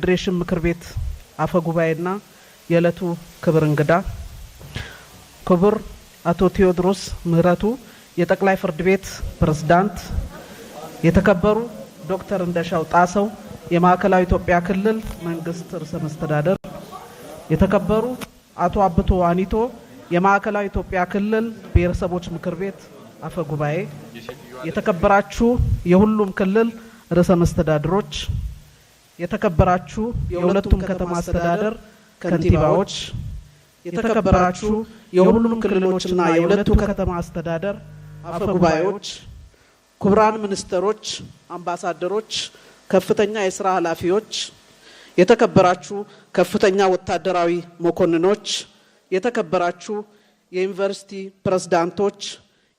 የፌዴሬሽን ምክር ቤት አፈ ጉባኤና የዕለቱ ክብር እንግዳ ክቡር አቶ ቴዎድሮስ ምህረቱ የጠቅላይ ፍርድ ቤት ፕሬዝዳንት፣ የተከበሩ ዶክተር እንደሻው ጣሰው የማዕከላዊ ኢትዮጵያ ክልል መንግስት ርዕሰ መስተዳደር፣ የተከበሩ አቶ አብቶ አኒቶ የማዕከላዊ ኢትዮጵያ ክልል ብሔረሰቦች ምክር ቤት አፈ ጉባኤ፣ የተከበራችሁ የሁሉም ክልል ርዕሰ መስተዳድሮች የተከበራችሁ የሁለቱም ከተማ አስተዳደር ከንቲባዎች፣ የተከበራችሁ የሁሉም ክልሎችና የሁለቱ ከተማ አስተዳደር አፈጉባኤዎች፣ ክቡራን ሚኒስትሮች፣ አምባሳደሮች፣ ከፍተኛ የስራ ኃላፊዎች፣ የተከበራችሁ ከፍተኛ ወታደራዊ መኮንኖች፣ የተከበራችሁ የዩኒቨርሲቲ ፕሬዝዳንቶች፣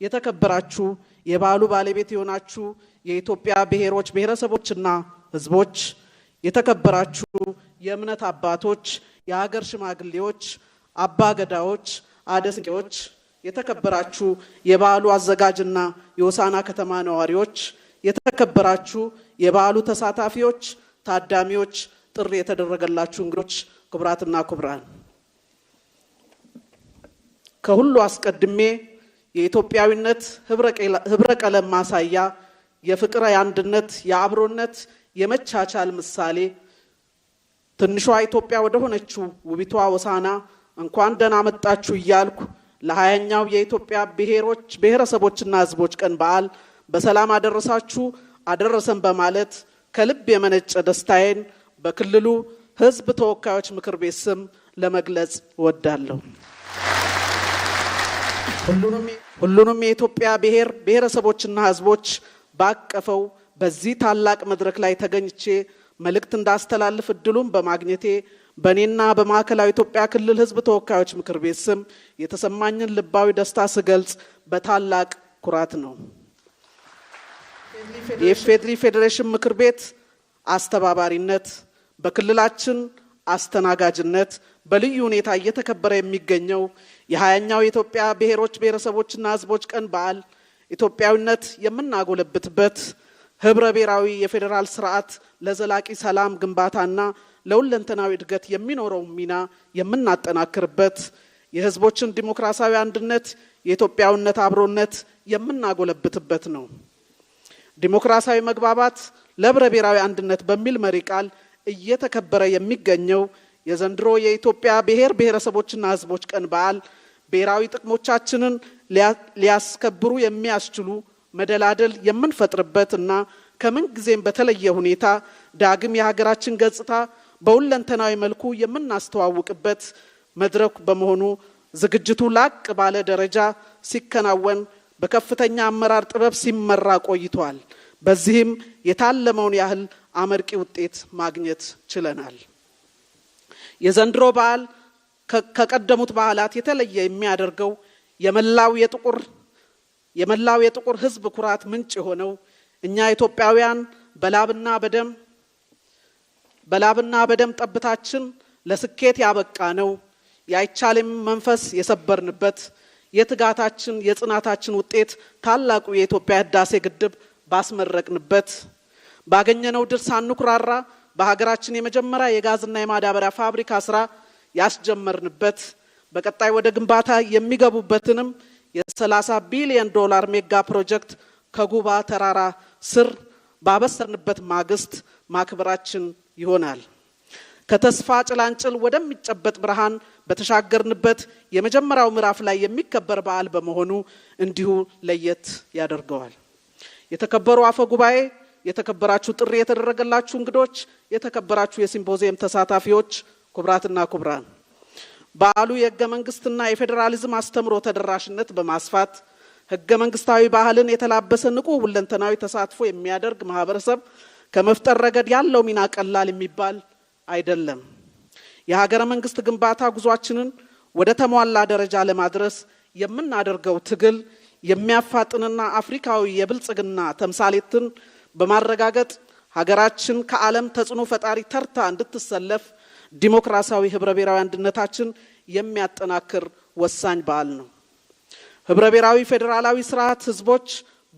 የተከበራችሁ የባሉ ባለቤት የሆናችሁ የኢትዮጵያ ብሔሮች ብሔረሰቦችና ህዝቦች የተከበራችሁ የእምነት አባቶች፣ የሀገር ሽማግሌዎች፣ አባ ገዳዎች፣ አደስቄዎች፣ የተከበራችሁ የበዓሉ አዘጋጅና የወሳና ከተማ ነዋሪዎች፣ የተከበራችሁ የበዓሉ ተሳታፊዎች፣ ታዳሚዎች፣ ጥሪ የተደረገላችሁ እንግዶች፣ ክቡራትና ክቡራን፣ ከሁሉ አስቀድሜ የኢትዮጵያዊነት ህብረ ቀለም ማሳያ የፍቅር፣ የአንድነት፣ የአብሮነት የመቻቻል ምሳሌ ትንሿ ኢትዮጵያ ወደ ሆነችው ውቢቷ ወሳና እንኳን ደህና መጣችሁ እያልኩ ለሀያኛው የኢትዮጵያ ብሔሮች ብሔረሰቦችና ህዝቦች ቀን በዓል በሰላም አደረሳችሁ አደረሰን በማለት ከልብ የመነጨ ደስታዬን በክልሉ ህዝብ ተወካዮች ምክር ቤት ስም ለመግለጽ እወዳለሁ። ሁሉንም የኢትዮጵያ ብሔር ብሔረሰቦችና ህዝቦች ባቀፈው በዚህ ታላቅ መድረክ ላይ ተገኝቼ መልእክት እንዳስተላልፍ እድሉን በማግኘቴ በእኔና በማዕከላዊ ኢትዮጵያ ክልል ሕዝብ ተወካዮች ምክር ቤት ስም የተሰማኝን ልባዊ ደስታ ስገልጽ በታላቅ ኩራት ነው። የኢፌዴሪ ፌዴሬሽን ምክር ቤት አስተባባሪነት በክልላችን አስተናጋጅነት በልዩ ሁኔታ እየተከበረ የሚገኘው የሀያኛው የኢትዮጵያ ብሔሮች ብሔረሰቦችና ሕዝቦች ቀን በዓል ኢትዮጵያዊነት የምናጎለብትበት ህብረ ብሔራዊ የፌዴራል ስርዓት ለዘላቂ ሰላም ግንባታና ለሁለንተናዊ እድገት የሚኖረው ሚና የምናጠናክርበት፣ የህዝቦችን ዲሞክራሲያዊ አንድነት፣ የኢትዮጵያዊነት አብሮነት የምናጎለብትበት ነው። ዲሞክራሲያዊ መግባባት ለህብረ ብሔራዊ አንድነት በሚል መሪ ቃል እየተከበረ የሚገኘው የዘንድሮ የኢትዮጵያ ብሔር ብሔረሰቦችና ህዝቦች ቀን በዓል ብሔራዊ ጥቅሞቻችንን ሊያስከብሩ የሚያስችሉ መደላደል የምንፈጥርበት እና ከምን ጊዜም በተለየ ሁኔታ ዳግም የሀገራችን ገጽታ በሁለንተናዊ መልኩ የምናስተዋውቅበት መድረክ በመሆኑ ዝግጅቱ ላቅ ባለ ደረጃ ሲከናወን በከፍተኛ አመራር ጥበብ ሲመራ ቆይቷል። በዚህም የታለመውን ያህል አመርቂ ውጤት ማግኘት ችለናል። የዘንድሮ በዓል ከቀደሙት በዓላት የተለየ የሚያደርገው የመላው የጥቁር የመላው የጥቁር ሕዝብ ኩራት ምንጭ የሆነው እኛ ኢትዮጵያውያን በላብና በደም በላብና በደም ጠብታችን ለስኬት ያበቃ ነው የአይቻልም መንፈስ የሰበርንበት የትጋታችን የጽናታችን ውጤት ታላቁ የኢትዮጵያ ህዳሴ ግድብ ባስመረቅንበት ባገኘነው ድል ሳንኩራራ በሀገራችን የመጀመሪያ የጋዝና የማዳበሪያ ፋብሪካ ስራ ያስጀመርንበት በቀጣይ ወደ ግንባታ የሚገቡበትንም የ30 ቢሊዮን ዶላር ሜጋ ፕሮጀክት ከጉባ ተራራ ስር ባበሰርንበት ማግስት ማክበራችን ይሆናል። ከተስፋ ጭላንጭል ወደሚጨበጥ ብርሃን በተሻገርንበት የመጀመሪያው ምዕራፍ ላይ የሚከበር በዓል በመሆኑ እንዲሁ ለየት ያደርገዋል። የተከበሩ አፈ ጉባኤ፣ የተከበራችሁ ጥሪ የተደረገላችሁ እንግዶች፣ የተከበራችሁ የሲምፖዚየም ተሳታፊዎች፣ ኩብራትና ኩብራን በዓሉ የህገ መንግስትና የፌዴራሊዝም አስተምሮ ተደራሽነት በማስፋት ህገ መንግስታዊ ባህልን የተላበሰ ንቁ ሁለንተናዊ ተሳትፎ የሚያደርግ ማህበረሰብ ከመፍጠር ረገድ ያለው ሚና ቀላል የሚባል አይደለም። የሀገረ መንግስት ግንባታ ጉዟችንን ወደ ተሟላ ደረጃ ለማድረስ የምናደርገው ትግል የሚያፋጥንና አፍሪካዊ የብልጽግና ተምሳሌትን በማረጋገጥ ሀገራችን ከዓለም ተጽዕኖ ፈጣሪ ተርታ እንድትሰለፍ ዲሞክራሲያዊ ህብረ ብሔራዊ አንድነታችን የሚያጠናክር ወሳኝ በዓል ነው። ህብረ ብሔራዊ ፌዴራላዊ ስርዓት ህዝቦች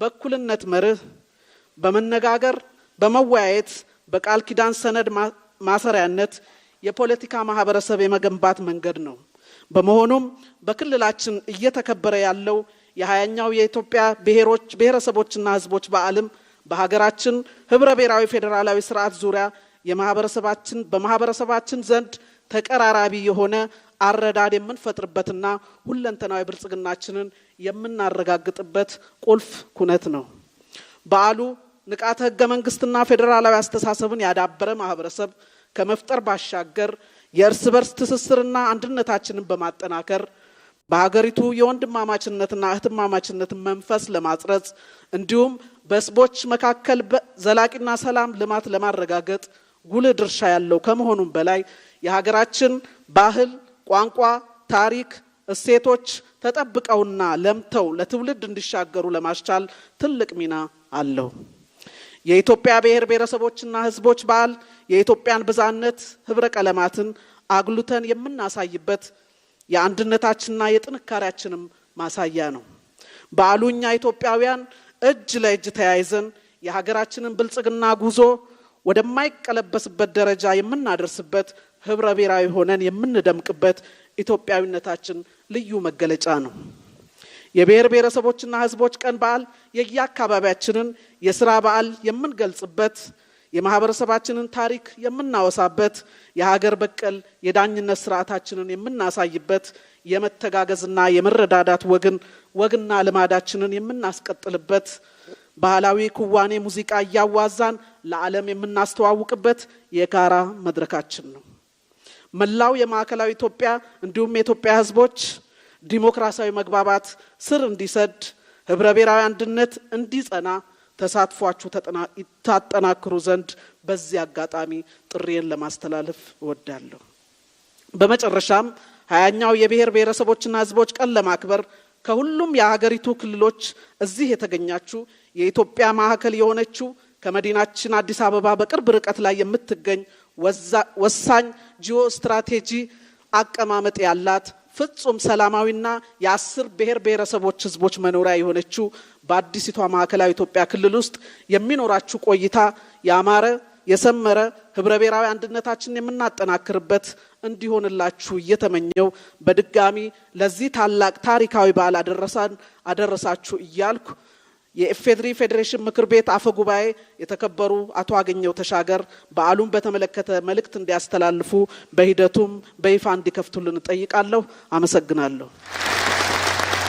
በእኩልነት መርህ በመነጋገር በመወያየት በቃል ኪዳን ሰነድ ማሰሪያነት የፖለቲካ ማህበረሰብ የመገንባት መንገድ ነው። በመሆኑም በክልላችን እየተከበረ ያለው የሀያኛው የኢትዮጵያ ብሔሮች ብሔረሰቦችና ህዝቦች በዓልም በሀገራችን ህብረ ብሔራዊ ፌዴራላዊ ስርዓት ዙሪያ የማህበረሰባችን በማህበረሰባችን ዘንድ ተቀራራቢ የሆነ አረዳድ የምንፈጥርበትና ሁለንተናዊ ብልጽግናችንን የምናረጋግጥበት ቁልፍ ኩነት ነው። በዓሉ ንቃተ ህገ መንግስትና ፌዴራላዊ አስተሳሰብን ያዳበረ ማህበረሰብ ከመፍጠር ባሻገር የእርስ በርስ ትስስርና አንድነታችንን በማጠናከር በሀገሪቱ የወንድማማችነትና እህትማማችነትን መንፈስ ለማጽረጽ እንዲሁም በህዝቦች መካከል ዘላቂና ሰላም ልማት ለማረጋገጥ ጉልህ ድርሻ ያለው ከመሆኑም በላይ የሀገራችን ባህል፣ ቋንቋ፣ ታሪክ፣ እሴቶች ተጠብቀውና ለምተው ለትውልድ እንዲሻገሩ ለማስቻል ትልቅ ሚና አለው። የኢትዮጵያ ብሔር ብሔረሰቦችና ሕዝቦች በዓል የኢትዮጵያን ብዛነት ህብረ ቀለማትን አጉልተን የምናሳይበት የአንድነታችንና የጥንካሬያችንም ማሳያ ነው። በዓሉ እኛ ኢትዮጵያውያን እጅ ለእጅ ተያይዘን የሀገራችንን ብልጽግና ጉዞ ወደማይቀለበስበት ደረጃ የምናደርስበት ህብረ ብሔራዊ ሆነን የምንደምቅበት ኢትዮጵያዊነታችን ልዩ መገለጫ ነው። የብሔር ብሔረሰቦችና ህዝቦች ቀን በዓል የየአካባቢያችንን የስራ በዓል የምንገልጽበት፣ የማህበረሰባችንን ታሪክ የምናወሳበት፣ የሀገር በቀል የዳኝነት ስርዓታችንን የምናሳይበት፣ የመተጋገዝና የመረዳዳት ወግን ወግና ልማዳችንን የምናስቀጥልበት ባህላዊ ክዋኔ ሙዚቃ እያዋዛን ለዓለም የምናስተዋውቅበት የጋራ መድረካችን ነው። መላው የማዕከላዊ ኢትዮጵያ እንዲሁም የኢትዮጵያ ሕዝቦች ዲሞክራሲያዊ መግባባት ስር እንዲሰድ ህብረ ብሔራዊ አንድነት እንዲጸና ተሳትፏችሁ ታጠናክሩ ዘንድ በዚህ አጋጣሚ ጥሪዬን ለማስተላለፍ እወዳለሁ። በመጨረሻም ሀያኛው የብሔር ብሔረሰቦችና ህዝቦች ቀን ለማክበር ከሁሉም የሀገሪቱ ክልሎች እዚህ የተገኛችሁ የኢትዮጵያ ማዕከል የሆነችው ከመዲናችን አዲስ አበባ በቅርብ ርቀት ላይ የምትገኝ ወሳኝ ጂኦ ስትራቴጂ አቀማመጥ ያላት ፍጹም ሰላማዊና የአስር ብሔር ብሔረሰቦች ህዝቦች መኖሪያ የሆነችው በአዲሲቷ ማዕከላዊ ኢትዮጵያ ክልል ውስጥ የሚኖራችሁ ቆይታ ያማረ የሰመረ ህብረ ብሔራዊ አንድነታችንን የምናጠናክርበት እንዲሆንላችሁ እየተመኘው በድጋሚ ለዚህ ታላቅ ታሪካዊ በዓል አደረሳን አደረሳችሁ እያልኩ የኢፌዴሪ ፌዴሬሽን ምክር ቤት አፈ ጉባኤ የተከበሩ አቶ አገኘው ተሻገር በዓሉን በተመለከተ መልእክት እንዲያስተላልፉ በሂደቱም በይፋ እንዲከፍቱልን እጠይቃለሁ። አመሰግናለሁ።